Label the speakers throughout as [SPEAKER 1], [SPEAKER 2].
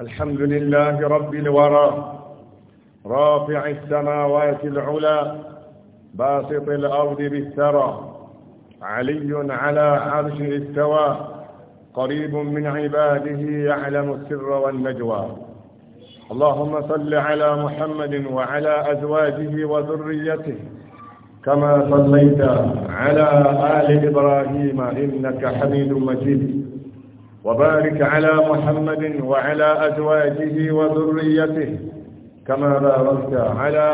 [SPEAKER 1] الحمد لله رب الورى رافع السماوات العلى باسط الأرض بالثرى علي على عرشه استوى قريب من عباده يعلم السر والنجوى اللهم صل على محمد وعلى أزواجه وذريته كما صليت على آل إبراهيم إنك حميد مجيد وبارك على محمد وعلى أزواجه وذريته كما باركت على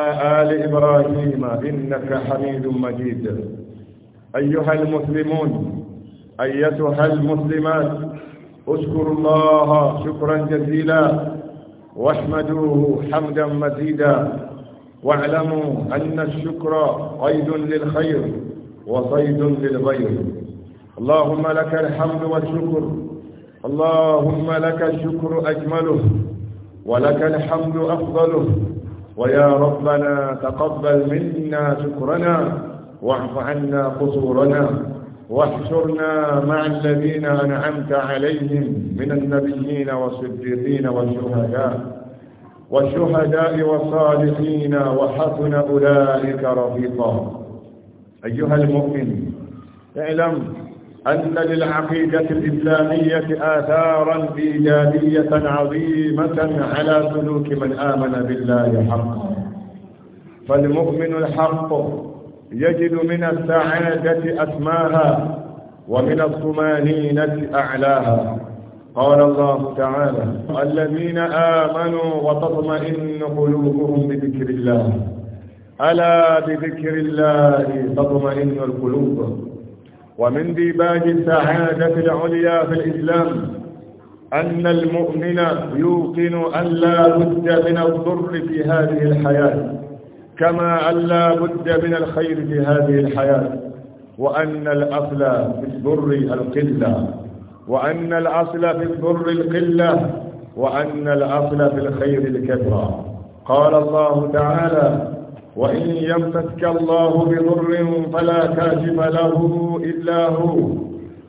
[SPEAKER 1] آل إبراهيم إنك حميد مجيد أيها المسلمون أيتها المسلمات اشكروا الله شكرا جزيلا واحمدوه حمدا مزيدا واعلموا أن الشكر قيد للخير وصيد للغير اللهم لك الحمد والشكر اللهم لك الشكر أجمله ولك الحمد أفضله ويا ربنا تقبل منا شكرنا واعف عنا قصورنا واحشرنا مع الذين أنعمت عليهم من النبيين والصديقين والشهداء والشهداء والصالحين وحسن أولئك رفيقا أيها المؤمن اعلم أن للعقيدة الإسلامية آثارا إيجابية عظيمة على سلوك من آمن بالله حقا فالمؤمن الحق يجد من السعادة أسماها ومن الطمانينة أعلاها قال الله تعالى الذين آمنوا وتطمئن قلوبهم بذكر الله ألا بذكر الله تطمئن القلوب ومن ديباج السعادة العليا في الإسلام أن المؤمن يوقن أن لا بد من الضر في هذه الحياة كما أن لا بد من الخير في هذه الحياة وأن الأصل في الضر القلة وأن الأصل في الضر القلة وأن الأصل في الخير الكثرة قال الله تعالى وإن يمسك الله بضر فلا كاشف له إلا هو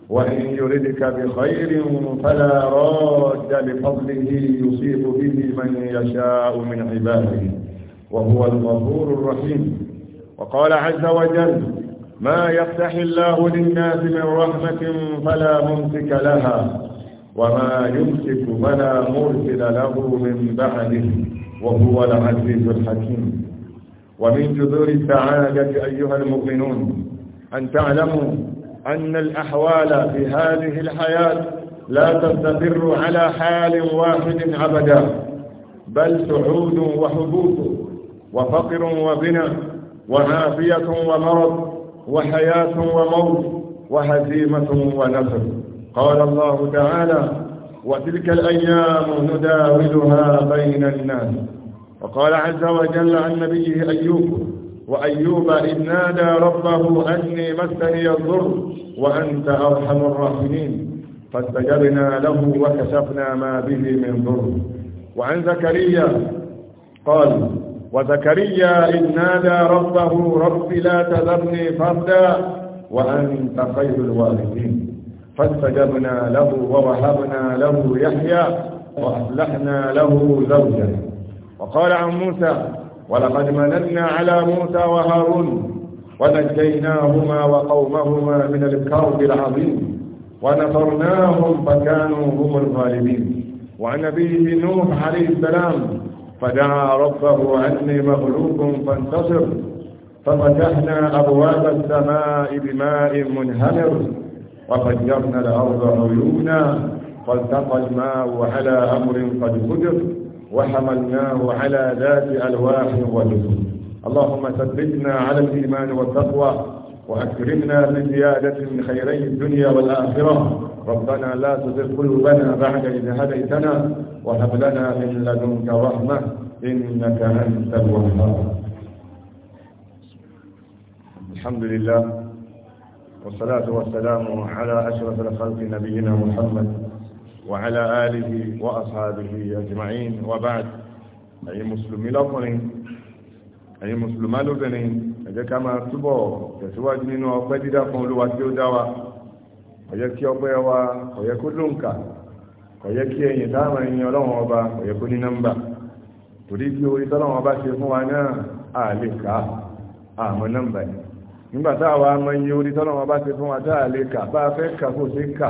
[SPEAKER 1] وإن يردك بخير فلا راد لفضله يصيب به من يشاء من عباده وهو الغفور الرحيم وقال عز وجل ما يفتح الله للناس من رحمة فلا ممسك لها وما يمسك فلا مرسل له من بعده وهو العزيز الحكيم ومن جذور السعادة أيها المؤمنون أن تعلموا أن الأحوال في هذه الحياة لا تستقر على حال واحد أبدا بل سعود وحبوط وفقر وغنى وعافية ومرض وحياة وموت وهزيمة ونصر قال الله تعالى وتلك الأيام نداولها بين الناس وقال عز وجل عن نبيه أيوب وأيوب إذ نادى ربه أني مسني الضر وأنت أرحم الراحمين فاستجبنا له وكشفنا ما به من ضر وعن زكريا قال وزكريا إذ نادى ربه رب لا تذرني فردا وأنت خير الوارثين فاستجبنا له ووهبنا له يحيى وأصلحنا له زوجا وقال عن موسى ولقد مننا على موسى وهارون ونجيناهما وقومهما من الكرب العظيم ونصرناهم فكانوا هم الغالبين وعن نبيه نوح عليه السلام فدعا ربه أني مغلوب فانتصر ففتحنا أبواب السماء بماء منهمر وفجرنا الأرض عيونا فالتقى الماء على أمر قد قدر وحملناه على ذات ألواح وجزر اللهم ثبتنا على الإيمان والتقوى وأكرمنا بزيادة من خيري الدنيا والآخرة ربنا لا تزغ قلوبنا بعد إذ هديتنا وهب لنا من لدنك رحمة إنك أنت الوهاب الحمد لله والصلاة والسلام على أشرف الخلق نبينا محمد وعلى آله وأصحابه أجمعين وبعد أي مسلمي لقنين أي مسلمة لقنين ẹjẹ́ ká máa túbọ̀ tẹ̀síwájú nínú ọpẹ́ dídá fún olúwa tí ó dá wa kò yẹ kí ọpẹ́ wa kò yẹ kó lóǹkà kò yẹ kí ẹ̀yìn táwọn ẹ̀yìn ọlọ́run ọba kò yẹ kó ní nọ́mbà torí kí orí tọ́lọ́run ọba ṣe fún wa náà a lè kà á àmọ́ nọ́mbà ni nígbà táwa mọ iye orí tọ́lọ́run ọba ṣe fún wa tá a lè kà bá a fẹ́ kà kó ṣe kà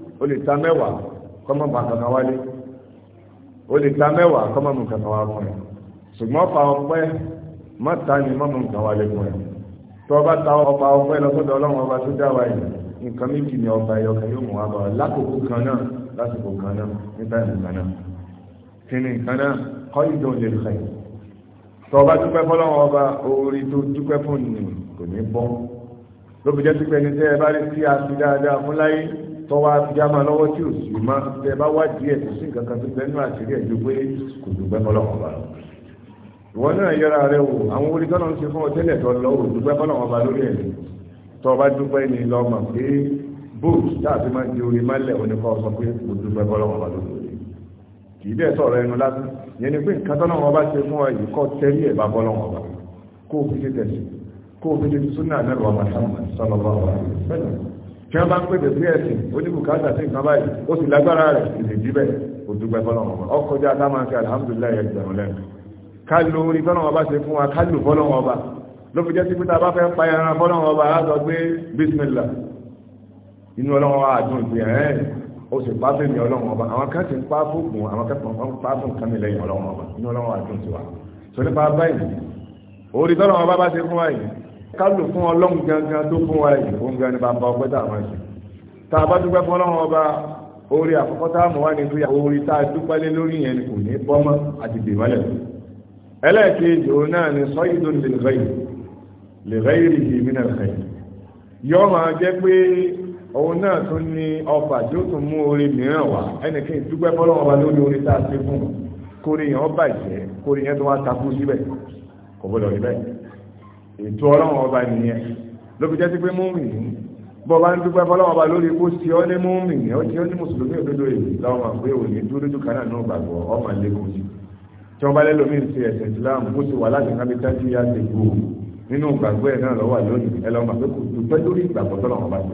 [SPEAKER 1] o lè ta mẹ́wàá kọ́mọ bá kankan wálé o lè ta mẹ́wàá kọ́mọ mú kankan fún ẹ ṣùgbọ́n ọ̀pá ọpẹ́ mọ́ta ni mọ́mú nǹkan wálé fún ẹ tó o bá ta ọ̀pá ọpẹ́ lọ́sọ̀dọ̀ ọlọ́run ọba tó dá wa yìí nǹkan méjì ni ọba ẹ̀yọkàn yóò mú wa bá wa lákòókò kan náà lásìkò kan náà nígbà nìkan náà kí ni nǹkan náà kọ́ ìdán lè fẹ́ tó o bá dúpẹ́ fọlọ́run ọba orí tó dúpẹ́ fún ni kò ní bọ́ ló jẹ́ sí pé tẹ́ ẹ bá rí sí àti dáadáa fún láyé tó wá já máa lọ́wọ́ tí ò sì má tẹ bá wá díẹ̀ kò sí nǹkan kan tó bẹ́ẹ̀ náà àṣírí ẹ̀jú pé kò dùgbẹ́ mọ́lọ́wọ́ bá lọ. ìwọ náà yẹra rẹ wò àwọn orí tọ́nà ń ṣe fún ọ tẹ́lẹ̀ tó lọ ò dùgbẹ́ mọ́lọ́wọ́ bá lórí ẹ̀ tó bá dúpẹ́ ni lọ mọ̀ pé bóòt táàbí máa di orí mọ́lẹ̀ oníkọ́ sọ pé kò dùgbẹ́ mọ́lọ́wọ́ bá lórí ẹ̀ kì í dẹ̀ sọ̀rọ̀ ẹnu lásán yẹn ni pé nǹkan tọ́nà wọn bá ṣe fún tí wọ́n bá ń pèsè sí ẹ̀sìn ó ní bùkátà sí nǹkan báyìí ó sì lágbára rẹ̀ ìlè jíbẹ̀ kò dúpẹ́ fọlọ́wọ́n ọkọ̀ jẹ́ àtàwọn àti alhamdulilayi ẹgbẹ̀rún lẹ́nu ká lórí fọlọ́wọ́n bá ṣe fún wa ká lù fọlọ́wọ́n bá ló fi jẹ́ sí pítà bá fẹ́ pa ẹran fọ́lọ́wọ́ ọba látọ̀ gbé bísmìlá inú ọlọ́wọ́ àdùn ìpè ẹ̀ ó sì pa fèmí ọlọ́wọ́ ọba àwọn kan ti ń pa fún kàmì lẹ́yìn ọlọ́wọ́ ti wà kálù fún ọlọ́run gangan tó fún wa yìí fún gan ni bàbá ọpẹ́ tá a máa ṣe tá a bá dúpẹ́ fún ọlọ́run ọba orí àkọ́kọ́ tá a mọ̀ wá ní pé orí tá a dúpẹ́ lé lórí yẹn ni kò ní bọ́mọ́ àti dèmọ́lẹ̀ ẹlẹ́ẹ̀kejì òun náà ni sọ́yìn tó lè rẹ́yìn lè rẹ́yìn rìhì mínà rẹ̀ yọ́ máa jẹ́ pé òun náà tún ní ọfà tí ó tún mú orí mìíràn wá ẹnìkan ìdúpẹ́ fọlọ́run ọba lórí ètò ọlọ́run ọba nìyẹn ló fi jẹ́ sí pé múmi ní bọ́ bá ń dúpẹ́ fọlọ́run ọba lórí ikú sí ọ ní múmi ní ó ti ó ní mùsùlùmí òdodo èyí láwọn àpé òní dúró lójú kan náà náà gbàgbọ́ ọmọ lẹ́kọ̀ọ́ sí tí wọ́n bá lẹ́lò mí ṣe ẹ̀sẹ̀ Islam bó ti wà láti kábí tájí yá ti gbò nínú ìgbàgbọ́ ẹ̀ náà lọ́wọ́ lónìí ẹ lọ́mọ pé kò dúpẹ́ lórí ìgbàgbọ́ tọ́lọ́run ọba ṣe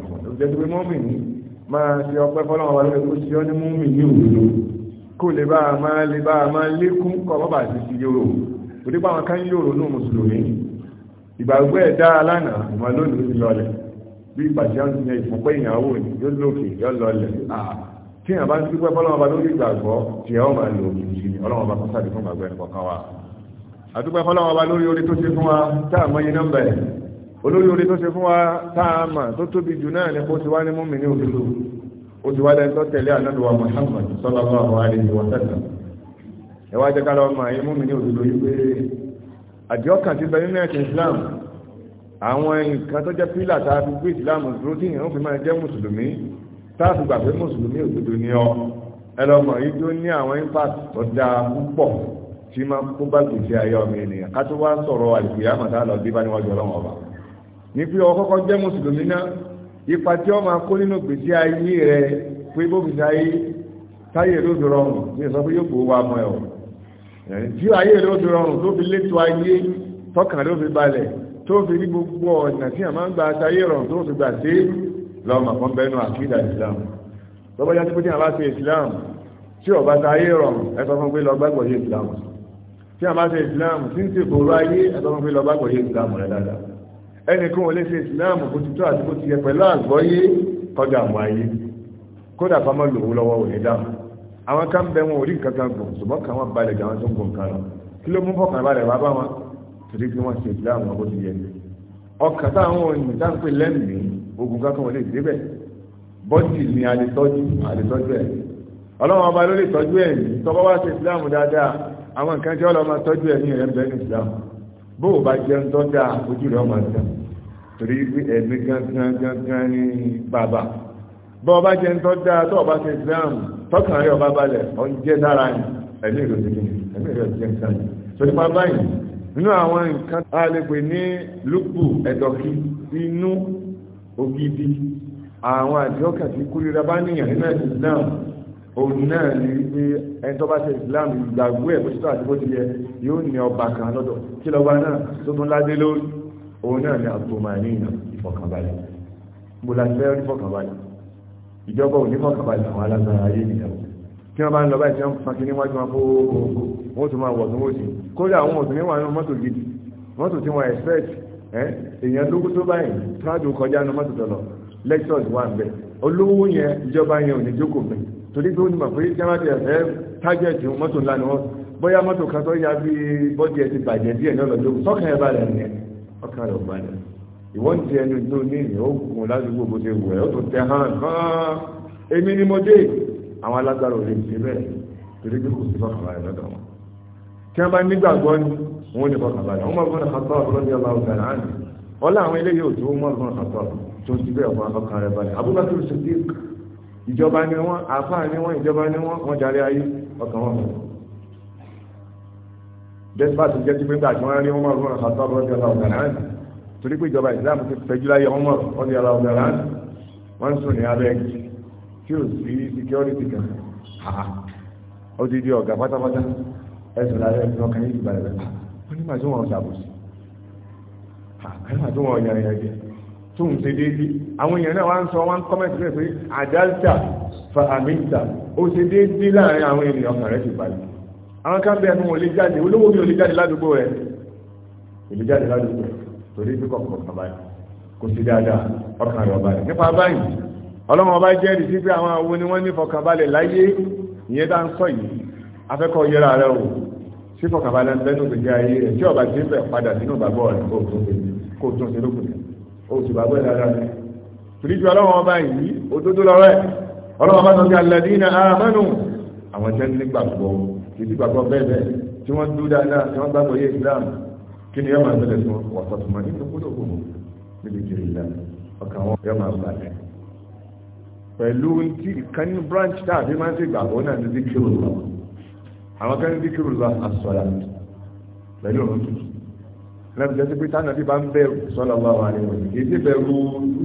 [SPEAKER 1] ọpẹ́ a máa ìgbàgbọ́ ẹ̀ dára lánàá ìmọ̀ lónìí ti lọlẹ̀ bí ìpàṣẹ ń tiyan ìfúnpẹ́ ìyàwó ni yóò lókè yóò lọlẹ̀ tí yàn bá ń dúpẹ́ fọlọ́mọba lórí ìgbàgbọ́ tí ẹ̀ ọ́ máa lò ní ìṣìlẹ̀ ọlọ́mọba kan sáàdì fún ìgbàgbọ́ ẹnì kọ̀ọ̀kan wa àdúpẹ́ fọlọ́mọba lórí orí tó ṣe fún wa tá a mọyì nọ́mbà ẹ̀ olórí orí tó ṣe fún wa tá a mà tó tóbi jù náà ni kó ti wá ní mú mi ní òdodo ó ti wá lẹ́ni tó tẹ̀lé ànádùwà Muhammad sallallahu alaihi wa sallam ẹ wá jẹ́ ká lọ́ọ́ máa yín mú mi ní òdodo yìí pé àdìọ́kàn ti bẹ nínú ẹ̀sìn Islam àwọn nǹkan tó jẹ́ pílà tá a fi gbé Islam dúró tí ìyẹn ó fi máa jẹ́ mùsùlùmí tá a fi gbà pé mùsùlùmí òdodo ni ọ ẹlọmọ yìí tó ní àwọn impact tó dáa púpọ̀ tí máa kó bá gbèsè ayé ọmọ ènìyàn ká tó wá sọ̀rọ̀ àlùkìyà màtá lọ bí bá níwájú ọlọ́wọ́n ọba ní pé ọ kọ́kọ́ jẹ́ mùsùlùmí náà ipa tí ọ máa kó nínú gbèsè ayé rẹ pé bó gbèsè táyé ló dọ̀rọ̀ ní ìsọ tí ayé rẹ̀ ó fi rọrùn tó fi létò ayé tọ́kàn ló fi balẹ̀ tó fi rí gbogbo ọ̀nà tí a máa ń gba ayé rọrùn tó fi gbà sí lọ́mọ fún bẹ́nu àkídà ìsìlámù lọ́wọ́ yá tí pé tí a bá ṣe ìsìlámù tí ọba ta ayé rọrùn ẹ sọ fún pé lọ gbàgbọ́ yé ìsìlámù tí a bá ṣe ìsìlámù tí ń ṣe ìfòrò ayé ẹ sọ fún pé lọ gbàgbọ́ yé ìsìlámù rẹ dáadáa ẹnìkan ò lè ṣe ìsìlámù kó ti tó àti kó ti yẹ pẹ̀lú àgbọ́yé kọjá àmọ́ ayé kódà fámọ́ lòwú lọ́wọ́ òní dáhùn àwọn kan bẹ wọn ò rí nǹkan kan gùn ṣùgbọ́n kàn wọ́n balẹ̀ gàwọn tó ń gùn kan lọ kí ló mú fọkàn balẹ̀ wá bá wọn torí pé wọ́n ṣe ìdílé àwọn ọgbọ́n ti yẹ ọkàn táwọn òyìnbó tá ń pè lẹ́mìí ogun kankan wọlé débẹ̀ bọ́dì ni a lè tọ́jú a lè tọ́jú ẹ̀ ọlọ́run ọba ló lè tọ́jú ẹ̀ ní tọ́ba wá ṣe ìsìláàmù dáadáa àwọn nǹkan tí ọlọ́run máa tọ́jú ẹ̀ ní ẹ̀rẹ́ ń bẹ ní ìsìláàmù bó o bá jẹun tó dáa ojú tó o bá ṣe ìsìláàmù tọ́kàn rẹ̀ ọba balẹ̀ ọjẹ́ dára ní ẹ̀mí ìròyìn ní ẹ̀mí ìròyìn jẹ́ nǹkan torí máa báyìí nínú àwọn nǹkan tá a lè pè ní lúpù ẹ̀dọ̀kí inú ògidì àwọn àti ọkà tí kúrira bá níyàn nínú ẹ̀sìn náà òun náà ní wípé ẹni tó bá ṣe Islam ìgbàgbé ẹ̀ bóṣítọ́ àti bóṣí yẹ yóò ní ọba kan lọ́dọ̀ kí lọ́ba náà tó tún ládé lórí òun náà ní àtòmọ̀ àníyàn ìfọ̀kànbalẹ̀ mo la fẹ́ rí fọ̀kànbalẹ̀ ìjọba òní fọ́kànbalẹ̀ àwọn alágbára ayé nìyàwó tí wọ́n bá ń lọ báyìí tí wọ́n fa kíní wájú wọn fóògùn wọ́n tún máa wọ̀ tún wọ́n sí kódà àwọn òtún níwọ̀n àwọn mọ́tò gidi mọ́tò tí wọ́n expect èèyàn lógún tó báyìí tíwájú kọjá nu mọ́tò tọ̀lọ̀ lectures wà ń bẹ̀ olówó yẹn ìjọba yẹn ò ní jókòó mi torí pé ó ní mọ̀ pé jẹ́mátì ẹ̀fẹ́ target mọ́tò ńlá ni wọ́n bóyá mọ́tò kan tó yá bí bọ́dì ẹ̀ ti bàjẹ́ díẹ̀ ní ọ̀lọ́dún sọ́kàn ẹ̀ balẹ̀ nìyẹn ọkàn rẹ̀ ò balẹ̀ ìwọ ń ti ẹnu tó ní ìrìn ó gùn ládùúgbò bó ṣe wù ẹ́ ó tó tẹ hàn hàn èmi ni mo dé àwọn alágbára ò lè ṣe bẹ́ẹ̀ torí pé kò sí fọkànbalẹ̀ lọ́dọ̀ wọn tí wọ́n bá nígbàgbọ́ ni wọ́n ní fọkànbalẹ̀ wọ́n máa fọ́n àkàtọ́ ọ̀rọ̀ ní ọba ọ̀gá náà ni wọ́n láwọn eléyìí ò tó mọ́ fọ́n àkàtọ́ tó ti bẹ́ẹ̀ fọ́n àkọ́kàn rẹ̀ balẹ̀ Abubakar Siddiq ìjọba ni wọ́n àfáà ni wọ́n ìjọba ni wọ́n wọ́n darí ayé ọkàn wọn despite jẹ́ ti pé gbà tí wọ́n rí wọ́n máa fọ́n àkàtọ́ ọ̀rọ̀ ní ọba ọ̀gá náà torí pé ìjọba ìsìlámù ti pẹ̀jú láyé ọmọ ọdí ara ọ̀dà láti wọ́n sùn ní abẹ́ kí ò sí security kan Ha, ti di ọ̀gá pátápátá ẹ̀sùn láyé ẹ̀sùn ọkàn yìí ìbàdàn rẹ̀ ó ní màá tí wọ́n ṣàbòsí àkàrà tí wọ́n yàn yàn jẹ tó ń ṣe déédé àwọn èèyàn náà wá ń sọ wọ́n kọ́mẹ́ntì rẹ̀ pé àdáńtà fa àmìta ó ṣe déédé láàrin àwọn ènìyàn ọkàn rẹ̀ ti balẹ̀ àwọn kan bẹ́ẹ̀ ni wọ́n lè jáde olówó mi ò lè jáde ládùúgbò rẹ̀ torí bí kọ̀ọ̀kan kan báyìí kò sí dáadáa ọkàn rẹ̀ ọba rẹ̀ nípa báyìí ọlọ́mọ ọba jẹ́rìí sí pé àwọn awo ni wọ́n ní fọkànbalẹ̀ láyé ìyẹn bá ń sọ yìí afẹ́kọ̀ọ́ yẹra rẹ̀ o sí fọkànbalẹ̀ ń bẹ́nu gbèjì ayé rẹ̀ tí ọba ti ń bẹ̀ padà sínú bàbá rẹ̀ kó tún ṣe kó tún ṣe lókun o sì bàbá rẹ̀ dáadáa rẹ̀ torí ju ọlọ́mọ ọba yìí òdodo lọ́rẹ́ ọlọ́mọ ọba sọ pé alladina amanu àwọn jẹ́ nígbàgbọ́ ìdígbàgbọ́ bẹ́ẹ̀ bẹ́ẹ̀ tí wọ́n dúró dáadáa tí wọ́n gbàgbọ́ yé Islam Kini ni yọ́ máa tẹ́lẹ̀ fún wàtọ̀tùmọ̀ nínú kúrò gbogbo níbi kiri ìlà ọkàn wọn yọ́ máa balẹ̀ pẹ̀lú tí ìkànnì branch tàbí máa ń ṣe ìgbàgbọ́ náà ní díkìrò lọ àwọn kan ní díkìrò lọ àsọ̀rọ̀ pẹ̀lú ọ̀run tuntun lẹ́nu jẹ́ sí pé tánà bí bá ń bẹ̀rù sọ́lá bá wà ní wọn èyí tí bẹ̀rù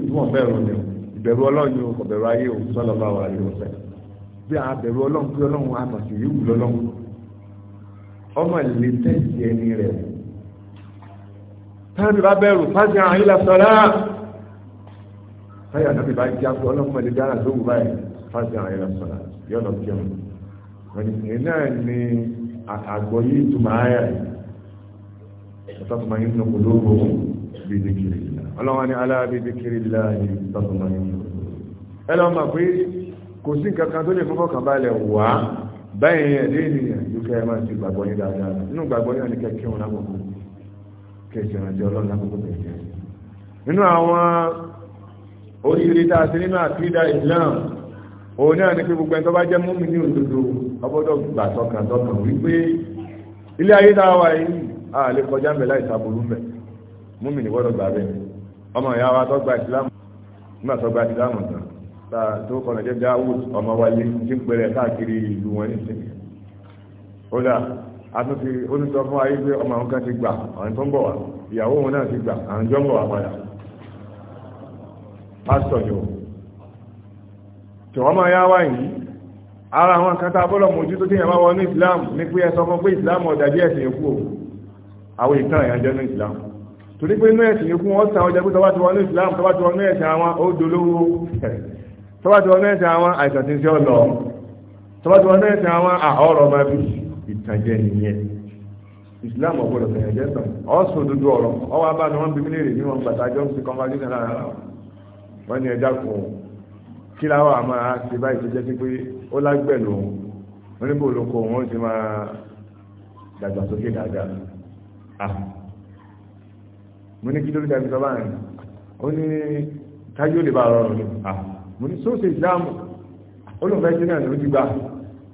[SPEAKER 1] ìwọ̀n ni ìbẹ̀rù ọlọ́run kò bẹ̀rù ayé o sọ́lá bá wà ní wọn bí a bẹ̀rù ọlọ́run pé ọlọ́run a mọ̀ sí yíwù lọ́lọ́run ọmọ ìlẹ̀ tẹ̀sí ẹni rẹ̀ tábì bá bẹ̀rù fásitì àwọn ilẹ̀ sọ̀rọ̀ táyà nábì bá jẹ́ àpò ọlọ́mọ ilé dára tó wù báyìí fásitì àwọn ilẹ̀ sọ̀rọ̀ yọ lọ kí ọmọ ẹni náà ni àgbọ̀ yìí túmọ̀ ayà ọ̀tọ́tùmọ̀ yìí nù kò lóko bí dìkìrì ọlọ́wọ́n ni aláàbí dìkìrì láàyè ọ̀tọ́tùmọ̀ yìí nù ẹ lọ́ mọ̀ pé kò sí nǹkan tó lè fọ́fọ́ kàn balẹ̀ wá báyìí ẹ̀dẹ́ ènìyàn yóò kẹsì ìrìnàjò ọlọ́run lákòókò tẹ̀sí nínú àwọn oríire tá a ti nínú àkídà Islam òun náà ni pé gbogbo ẹni tó bá jẹ́ mọ́mí ní òdodo ọgbọ́dọ̀ gbà tọkàn tọkàn wípé ilé ayé tá a wà yìí a lè kọjá mẹ́ láì sàbòrú mẹ́ mọ́mí ní gbọ́dọ̀ gbà bẹ́ẹ̀ ọmọ ìyá wa tó gba Islam nígbà tó gba Islam tán tá a tó kọ́nà jẹ́ Dawud ọmọ wa lé ti ń pẹrẹ káàkiri ìlú wọn nísìnyí àtúntì oníṣọ fún ayé pé ọmọ àwọn kan ti gbà àwọn tó ń bọ̀ wá ìyàwó òun náà ti gbà àwọn jọ ń bọ̀ wá padà pásítọ̀ ni o tí wọ́n máa yá wá yìí ara àwọn kan tá a bọ́lọ̀ mojú tó téèyàn bá wọ ní Islam ní pé ẹ sọ fún pé Islam ọ̀dà bí ẹ̀sìn yòókù o àwọn ìtàn ìyànjẹ ní Islam torí pé inú ẹ̀sìn yòókù wọn sàn ọjà pé tọ́wá ti wọ ní Islam tọ́wá ti wọ ní ẹ̀sìn àwọn ó tọ́wá ti wọ ní ẹ̀sìn àwọn àìsàn ti ń ṣe ọ̀lọ́ tọ́wá ti wọ ní ẹ̀sìn àwọn àhọ́rọ̀ máa bí ìtànjẹ nìyẹn islam ọgbọdọ tẹyẹjẹ tán ọsùn òdodo ọ̀rọ̀ ọwọ abáni wọn bíbí léèrè ní wọn gbàtàjọ ń fi conversation wọn ni ẹja kù kí láwọn àmọ́ àti báyìí sí pé ó lágbẹ̀lú oníbò olóko wọn ti máa dàgbàsókè dáadáa ah mo ní kí ló sọ báyìí ó ní ó lè bá rọrùn mo ní sóòsì olùfẹ́ jẹ́ náà ló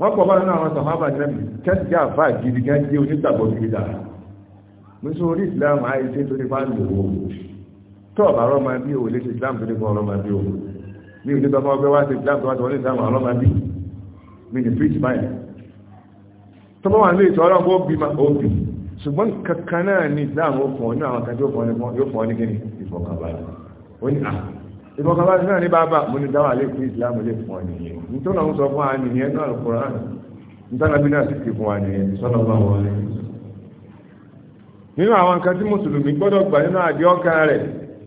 [SPEAKER 1] wọ́n pọ̀ báyìí náà àwọn sàmábà nẹ́bì kẹ́sìkẹ́ àfà gidi kan jẹ́ onígbàgbọ́ gidi dára mọ́sí orí islam àìsí tó ní bá ń lòó tó ọ̀bà rọ́mà bí o lè ṣe islam tó ní bá ọlọ́mà bí o mi ò ní tọ́kọ́ ọgbẹ́ wá sí islam tó wá tọ́lé islam ọlọ́mà bí mi ní preach báyìí tó bá wà ní ètò ọlọ́mà ó bí ma ó bí ṣùgbọ́n kankan náà ní islam ó fọ́ ní àwọn kan tó fọ́ ní fọ́ ní ah, ìbọn kan bá ti náà ní bàbá mo ní dáwà lè fún ìsìlámù lè fún ọ nìyẹn nítorí àwọn sọ fún wa nìyẹn náà lọ kóra nítorí bí náà sì fi fún wa nìyẹn sọ́dọ̀ bá wọn lè. nínú àwọn nǹkan tí mùsùlùmí gbọ́dọ̀ gbà nínú àdéhọ́kà rẹ̀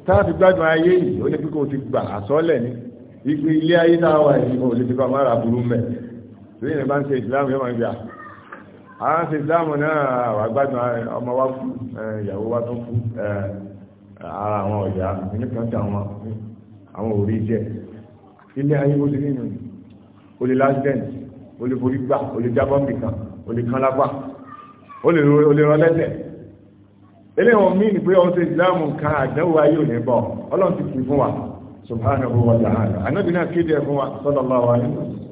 [SPEAKER 1] tá a fi gbádùn ayé yìí ó lè fi kó o ti gbà àsọ́lẹ̀ ni ipe ilé ayé tá wà yìí ó lè fi kó a burú mẹ́ ara àwọn ọ̀yà nínú kan àwọn àwọn òrí jẹ́ ilé ayé bó ti nínú o lè lásìdẹ̀ǹtì o lè forí gbà o lè jábọ́ nìkan o lè kan lápá o lè rán lẹ́sẹ̀ eléwọ̀n mí ni pé ọ̀hún ṣe ìsìláàmù kan àdánwò ayé ò ní bọ̀ ọlọ́run ti kì fún wa subhanahu wa ta'ala anábì náà kéde ẹ̀fún wa sallallahu alaihi wasallam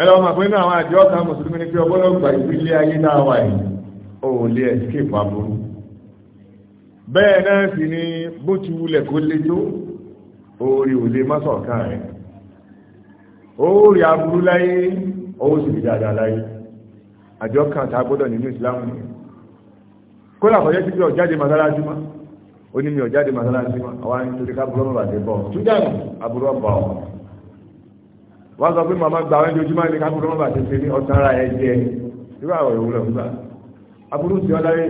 [SPEAKER 1] ẹlọ ọmọ àpẹẹrẹ àwọn àjọ ọ̀kan mùsùlùmí ní pé ọgbọ́n ọgbà ìpínlẹ̀ ayé náà wà yìí ó lè escape aburú bẹ́ẹ̀ náà sì ni bó ti wulẹ̀ kó lé tó orí ò lè mọ́sọ̀ kan rẹ̀ orí aburú láyé owó sì dìdàdà láyé àjọ kan tàà gbọ́dọ̀ nínú ìsìláàmù ni kó làkọ̀jẹ́ tí pé ọ̀jáde masálájú mọ́ ó ní mi ọ̀jáde masálájú mọ́ àwọn nítorí ká burú ọmọbàdé bọ̀ túdàmù aburú ọba ọ̀ wọ́n sọ pé màmá gba àwọn ojoojúmọ́ ní ká burú ọmọbàdé ṣe ní ọ̀sán ara ẹ̀ jẹ́ irú àwọn ìwúlọ̀ fúgbà aburú ti ọ láyé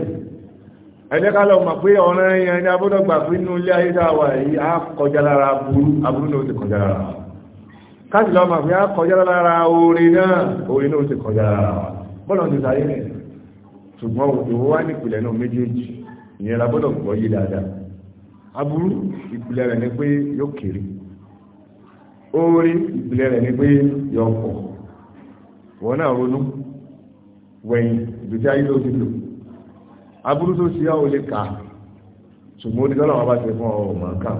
[SPEAKER 1] ẹjẹ́ ká lọ mọ̀ pé ọ̀rọ̀ ẹ̀yàn ní abúdọ̀ gbà pé inú ilé ayé dáwà yìí á kọjá lára burú aburú náà ti kọjá lára káàkì lọ mọ̀ pé á kọjá lára orin náà orin náà ti kọjá lára bọ́lọ̀ ti rẹ̀ ṣùgbọ́n òwò wá ní ìpìlẹ̀ náà méjèèjì ìyẹn la gbọ́ yé dáadáa aburú ìpìlẹ̀ rẹ̀ ni pé yóò kéré orin ìpìlẹ̀ rẹ̀ ni pé yóò pọ̀ aburú tó ṣe yáwó lè kà ṣùgbọ́n onídọ́là wọn bá ṣe fún ọ̀rọ̀ mọ̀ ká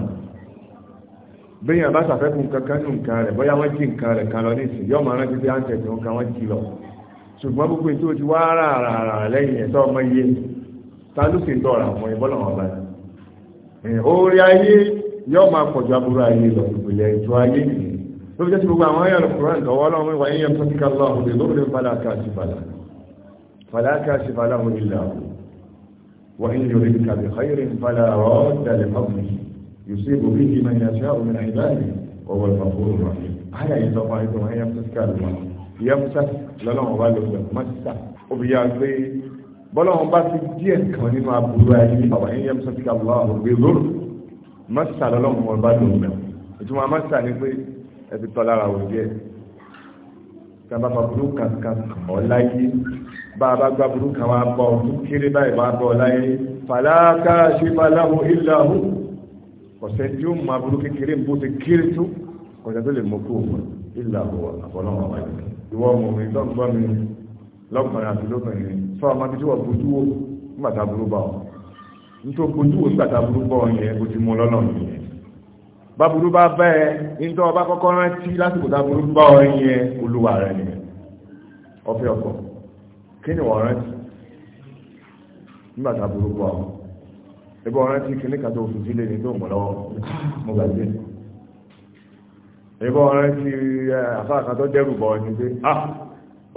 [SPEAKER 1] bẹ́yìn àbá ṣàfẹ́kùn kankan ní nǹkan rẹ̀ bọ́yá wọ́n jí nǹkan rẹ̀ kan lọ ní ìsìn yọ́mọ rántí bí áńtẹ̀ tí wọ́n kan wọ́n jí lọ ṣùgbọ́n gbogbo ètò ti wá ràràrà lẹ́yìn ẹ̀tọ́ ọmọ iye ta ló sì ń dọ̀rọ̀ àwọn ìbọ́lọ̀ wọn bá orí ayé yóò máa pọ̀jù aburú ayé lọ ìpìlẹ̀ ètò ayé nìyí ló fi jẹ́ sí gbogbo àwọn ayọ̀ lọ́kùnrin àtọwọ́ ọlọ́run wà ní ẹ̀mí sọ́kíkà lọ́hùn lè lóbìnrin fàlàkà àti fàlà fàlàkà àti fàlà òun ìlà òun وإن يردك بخير فلا راد لفضله يصيب به من يشاء من عباده وهو الغفور الرحيم هل يتوقع أنه هي يمسك الله يمسك لله غالب مسك وبيعطي bọ́lọ́wọ́n bá ti díẹ̀ kan nínú aburú ayé ní bàbá yẹn yẹn sọ́kì aláwọ̀ gbé lóru mọ́sà lọ́lọ́wọ́n wọn bá lòun mẹ́wọ̀n ìtumọ̀ mọ́sà ni pé ẹ ti tọ́ lára wò díẹ̀ tí a bá fa burú kankan ọ̀ láyé bàbá gbàbùrú kan wá bọ́ kéré báyìí wá bọ́ láyé fàlákà ṣe bá láhùn ilẹ̀ ahùn ọ̀sẹ̀ tí ó máa burú kékeré bó ti kéré tó ọ̀sẹ̀ tó lè mọ kó o ilẹ̀ àbọ̀wọ̀ àbọ̀lọ́wọ̀ wáyé ìwọ ọmọ mi tó ń gbọ́ mi lọ́kùnrin àti lóbìnrin fún ọmọ tí bá ọ nítorí bá kọ́kọ́ rántí lásìkò tá a bá ọ yẹn olúwa rẹ ọfẹ́ ọkọ̀ Kini wọ́n rántí nígbàtà burúkú àwọn ẹgbẹ́ wọ́n rántí kí kàtó òfin sílé ní tó ń gbọ́lọ́wọ́ mo gbàgbé wọ́n rántí dẹ́rù bọ̀ pé ah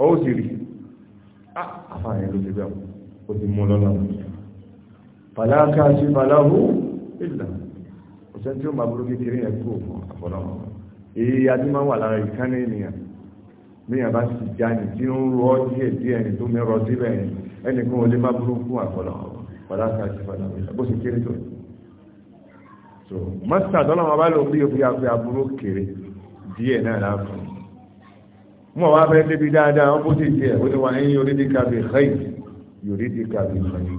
[SPEAKER 1] ó sì rí ah ló ti bẹ̀rù ó ti mú lọ́nà fàlákà sí fàláhù ìlà òṣèǹtì ó máa burú kékeré yẹn kú òfin àfọlọ́wọ́ èyí adé lára bí yàrá sì jáde tí ó ń rọ díẹ̀ díẹ̀ ní tó mẹ́rọ síbẹ̀ ẹnìkan ò lè má burúkú àfọlọ́ pàdákà àti pàdákà bó ṣe kéré tó so mọ́tà tọ́lọ́ wọn bá lò bí òfin àfi aburú kéré díẹ̀ náà láàfin mọ̀ wá fẹ́ débi dáadáa ó bó ti díẹ̀ ó ní wà ń yorí di kàbí xẹ́yì yorí di kàbí xẹ́yì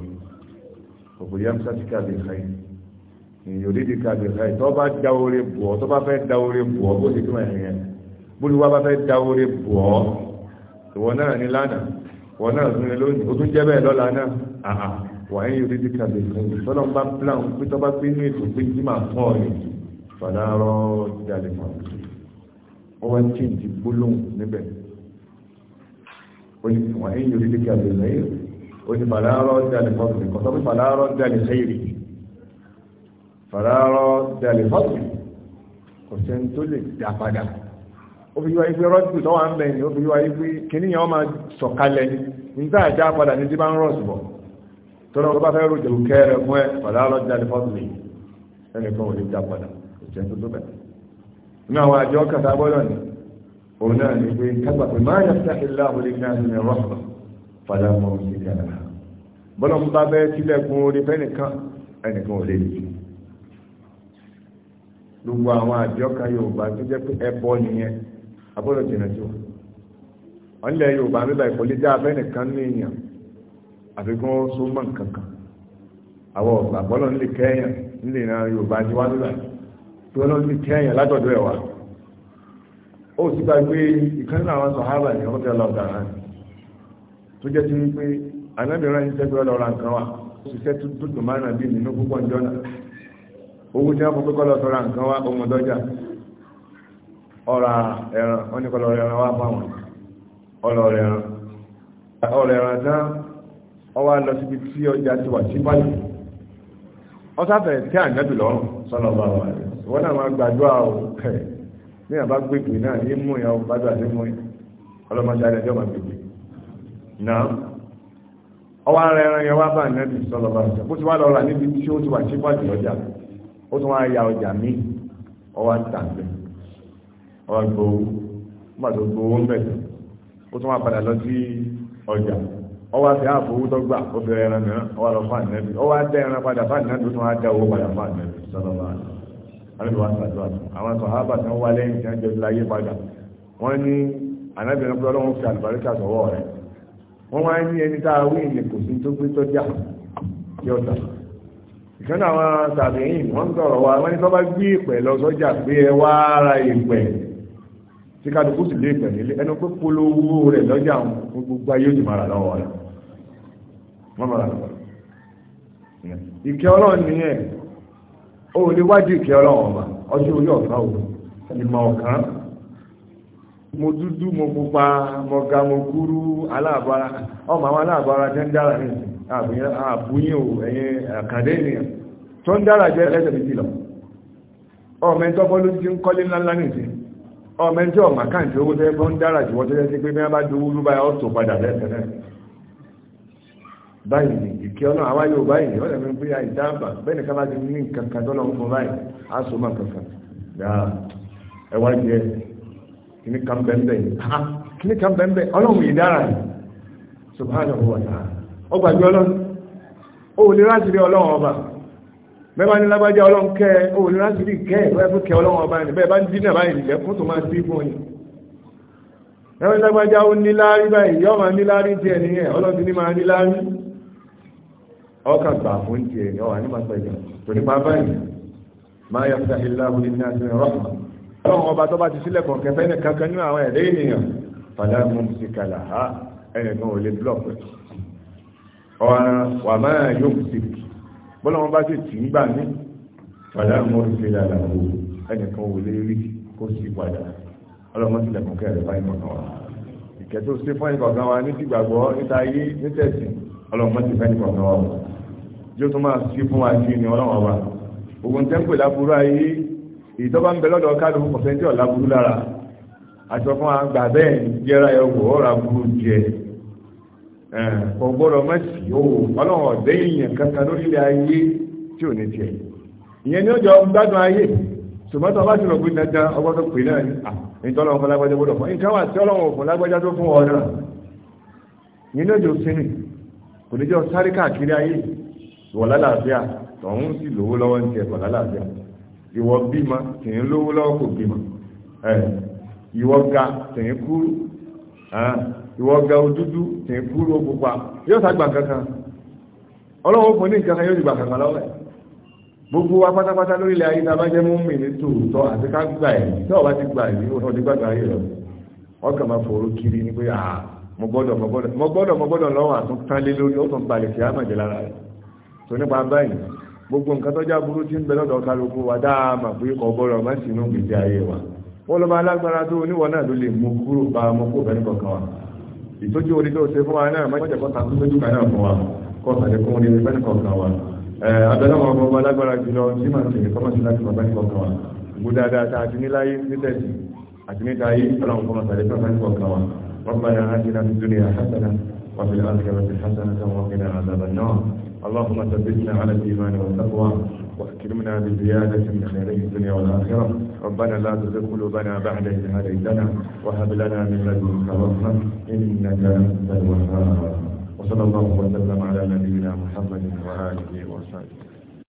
[SPEAKER 1] òbòdì amsa ti kàbí xẹ́yì yorí di kàbí xẹ́yì tọ́ bá dáwọ́rẹ́ bùọ́ tọ́ bá fẹ́ dáwọ́rẹ́ bùọ́ bó ti tó bóri wá bá fẹ́ da oore bọ̀ ọ́ ìwọ náà ní lánàá ìwọ náà tún ní lónìí o tún jẹ́ bẹ́ẹ̀ lọ́la náà àhà wà ń yọrí díkà bẹ̀rẹ̀ sọ́dọ̀ ń bá plan pé tó bá pé ní ètò pé jí máa fọ́ ọ ni fàdárọ́ jalè mọ́ ọ wá tí ń ti gbólóhùn níbẹ̀ ó ní wà ń yọrí díkà bẹ̀rẹ̀ ó ní fàdárọ́ jalè mọ́ ọ̀sẹ̀ kọ́sọ́ pé fàdárọ́ jalè sẹ́yìrì fàdárọ́ jalè fọ́ọ̀sì kò sẹ́ni tó lè dá padà òfin yíwa ife rọ́dùkù tọ́wà ń bẹ̀yìn òfin yíwa ife kìníyàn ọmọ sọ̀kalẹ̀ ní nígbà àjá padà ní tí bá ń rọ̀sù bọ̀ tọ́lọ́ tó bá fẹ́ rojò kẹrẹ fún ẹ padà lọ́jà lè fọ́tùlì ẹnì kan ò lè já padà ìjẹ́ tó tó bẹ̀rẹ̀ nínú àwọn àjọ kàtà gbọ́dọ̀ ni òun náà ní pé kágbà pé máa yẹ fẹ́ ilé àbúlé náà ní rọ́sù padà mọ́ òun sí kẹrẹ bọ́lọ̀ ń bá bẹ́ẹ̀ tilẹ̀kùn orí fẹ́nìkan ẹnìkan ò lè jù gbogbo àwọn àjọ yóò bá tó jẹ́ pé ẹbọ nìyẹn agbọ́dọ̀ jìnà sí wa wọ́n lẹ̀ yorùbá bíbá ìkọlé jẹ́ abẹ́nìkan ní èèyàn àfikún oṣù mọ́ nkankan àwọn ọ̀gbà bọ́lọ̀ nílé kẹ́yàn nílé ìran yorùbá ti wá nílà tí wọ́n nílé kẹ́yàn látọ̀dọ̀ ẹ̀ ó sì gba pé ìkan nínú àwọn sọ̀hábà ní ọmọdé ọlọ́ọ̀dà rẹ̀ tó jẹ́ ń nǹkan wa ó sì tó nínú púpọ̀ owó tí wọ́n fọ́ ọra ẹran wọ́n ní kọlọ̀rọ̀ ẹran wá báwọn ọlọ̀rọ̀ ẹran ọ̀rọ̀ ẹran tán ọ tí ọjà ti wà ọ tí ànábì lọ́rùn sọ́nà bá wà wọ́n náà máa gbàdúrà ò kẹ̀ ní àbá gbègbè náà ní mú ìyá gbàdúrà ní mú ọlọ́mọdé máa gbègbè náà ara ẹran yẹn wá bá sọ́nà bó ti wá lọ́ra níbi tí ó ti wà sí báyìí ọjà ó tún ya ọjà míì ọ gbowó nígbà tó gbowó ń bẹ̀ ó tún padà lọ sí ọjà ọwọ́ fi ààbò owó tó gbà ó bẹ̀rẹ̀ ẹran mìíràn ọwọ́ lọ fún ẹran padà fún ànẹ́bí ó tún wá dá owó padà fún ànẹ́bí sọ́dọ̀ bá ànẹ́bí wá sàdúrà àwọn sọ̀hábà tí wọ́n wá lẹ́yìn tí wọ́n jẹ́ padà wọ́n ní ẹran ọlọ́run fi àlùbáríkà rẹ̀ wọ́n ní ẹni tá a wí kò sí tó tí kálukú sì lé ìpẹ̀lẹ̀ ẹnu pé polówó rẹ̀ lọ́jà gbogbo ayé òjò mara lọ́wọ́ rẹ̀ wọ́n mara lọ́wọ́ ìkẹ́ ọlọ́run nìyẹn ó lè wájú ìkẹ́ ọlọ́run ọba ọjọ́ orí ọ̀fà òun ìmọ̀ ọ̀kan mo dúdú mo pupa mo ga mo kúrú aláàbára ọmọ àwọn aláàbára o àkàdé tó ń dára jẹ́ lọ ọmọ ẹ̀ńtọ́fọ́ ló ti ń kọ́lé ńláńlá ọmọ ẹjọ́ ọmọ àkáǹtì owó tẹ́ fún dára jù wọ́n tẹ́lẹ́ sí pé mẹ́rin bá dúró rú báyìí ọ̀tọ̀ padà lẹ́sẹ̀ náà báyìí ní ìkẹ́ ọlọ́run àwa yóò báyìí wọ́n lẹ́mí pé àìdáàbà bẹ́ẹ̀ nìkan bá ti ní nǹkan kan tó lọ́wọ́ fún báyìí á so máa kankan dáa ẹ wá jẹ kíní kan bẹ́ẹ̀ kíní kan bẹ́ẹ̀ ọlọ́run yìí dára ni subhanahu wa ta'ala ọgbàgbé ọlọ́run ó lè rájì rí ọlọ́run ọba bẹ́ẹ̀ bá ní lágbájá ọlọ́run kẹ́ ẹ ó ní láti rí kẹ́ ẹ bẹ́ẹ̀ fún kẹ́ ọlọ́run ọba ni bẹ́ẹ̀ bá ń dínà báyìí lẹ́kún tó máa bí fún yìí bẹ́ẹ̀ bá ní lágbájá ó ní láárí báyìí yọ́ máa ní láárí tiẹ̀ nìyẹn ọlọ́run ti ní máa ní láárí ọkà gbà fún tiẹ̀ ní ọ̀wà ní máa pẹ̀lú tó nípa báyìí máa yọ fún bọ́lá wọn bá sì tì í gbà ní padà mọ́ ìfẹ́ lára wo ẹnìkan ò lè rí kó sì padà ọlọ́mọ sílẹ̀ kún kẹrẹ fáyín kọ̀ọ̀kan wa ìkẹ́ tó ṣe fáyín kọ̀ọ̀kan wa ní tìgbàgbọ́ níta ayé nítẹ̀sìn ọlọ́mọ sì fáyín kọ̀ọ̀kan wa yóò tún máa sí fún wa sí ni ọlọ́wọ́n wa ogun tẹ́ńpẹ̀ láburú ayé ìjọba ń bẹ lọ́dọ̀ káàdùn kọ̀ọ̀sẹ́ńtì ọ̀làburú lára àti ọkùnrin àgbà bẹ́ẹ̀ jẹ́ra ẹ̀wọ̀ ọ̀rà burú jẹ́ o gbọ́dọ̀ má sí owó ọlọ́run kankan lórílẹ̀ ayé tí ò ní ìyẹn ni ó jọ gbádùn ayé bá dandan pè náà fún lágbájá gbọ́dọ̀ fún tí ọlọ́run fún lágbájá tó fún ọ ìyẹn ni ó jọ sinmi kò ní jọ sáré káàkiri ayé wọ̀ lálàáfíà tọ̀hún lówó lọ́wọ́ ń tiẹ̀ lálàáfíà ìwọ ìwọ ga ojúdú tí ń kúrò pupa yóò sá gbà kankan ọlọ́wọ́ fún ní ìkankan yóò sì kankan lọ́wọ́ gbogbo wa pátápátá jẹ́ ní tòótọ́ àti ká gbà ẹ̀ tí ọba ti gbà ti gbàgbà ayé rẹ̀ máa fòrò kiri ní pé à mo gbọ́dọ̀ mo gbọ́dọ̀ lọ́wọ́ lé lórí ó tún balẹ̀ sí àmàjẹ́ lára rẹ̀ tó nípa báyìí gbogbo nǹkan tó jáburú wa dáàmà pé gbọ́dọ̀ má sínú gbèsè ayé wa wọ́n ìtójú orí tó ṣe fún wa náà mọ́jẹ̀ kọ́ta tó lójú kan náà fún wa kọ́ta lè kún orí fẹ́ni kọ̀ọ̀kan wa abẹ́lẹ́ wọn ọmọ alágbára jùlọ tí màá tẹ̀lé kọ́mọ̀ sí láti fọ́fẹ́ni kọ̀ọ̀kan wa gbogbo dáadáa tá a ti ní láyé nítẹ̀sí àti níta ayé ọlọ́run kọ́mọ̀ tẹ̀lé fọ́fẹ́ni kọ̀ọ̀kan wa wọ́n bá yàrá ti náà nítorí àhásánà wọ́n fi láti kẹ́rọ̀tì hásánà wọ́n fi náà àzàbà náà اللهم ثبتنا على الإيمان والتقوى واكرمنا بزيادة من خيري الدنيا والآخرة ربنا لا تزغ قلوبنا بعد إذ هديتنا وهب لنا من لدنك رحمة إنك أنت الوهاب وصلى الله وسلم على نبينا محمد وآله وصحبه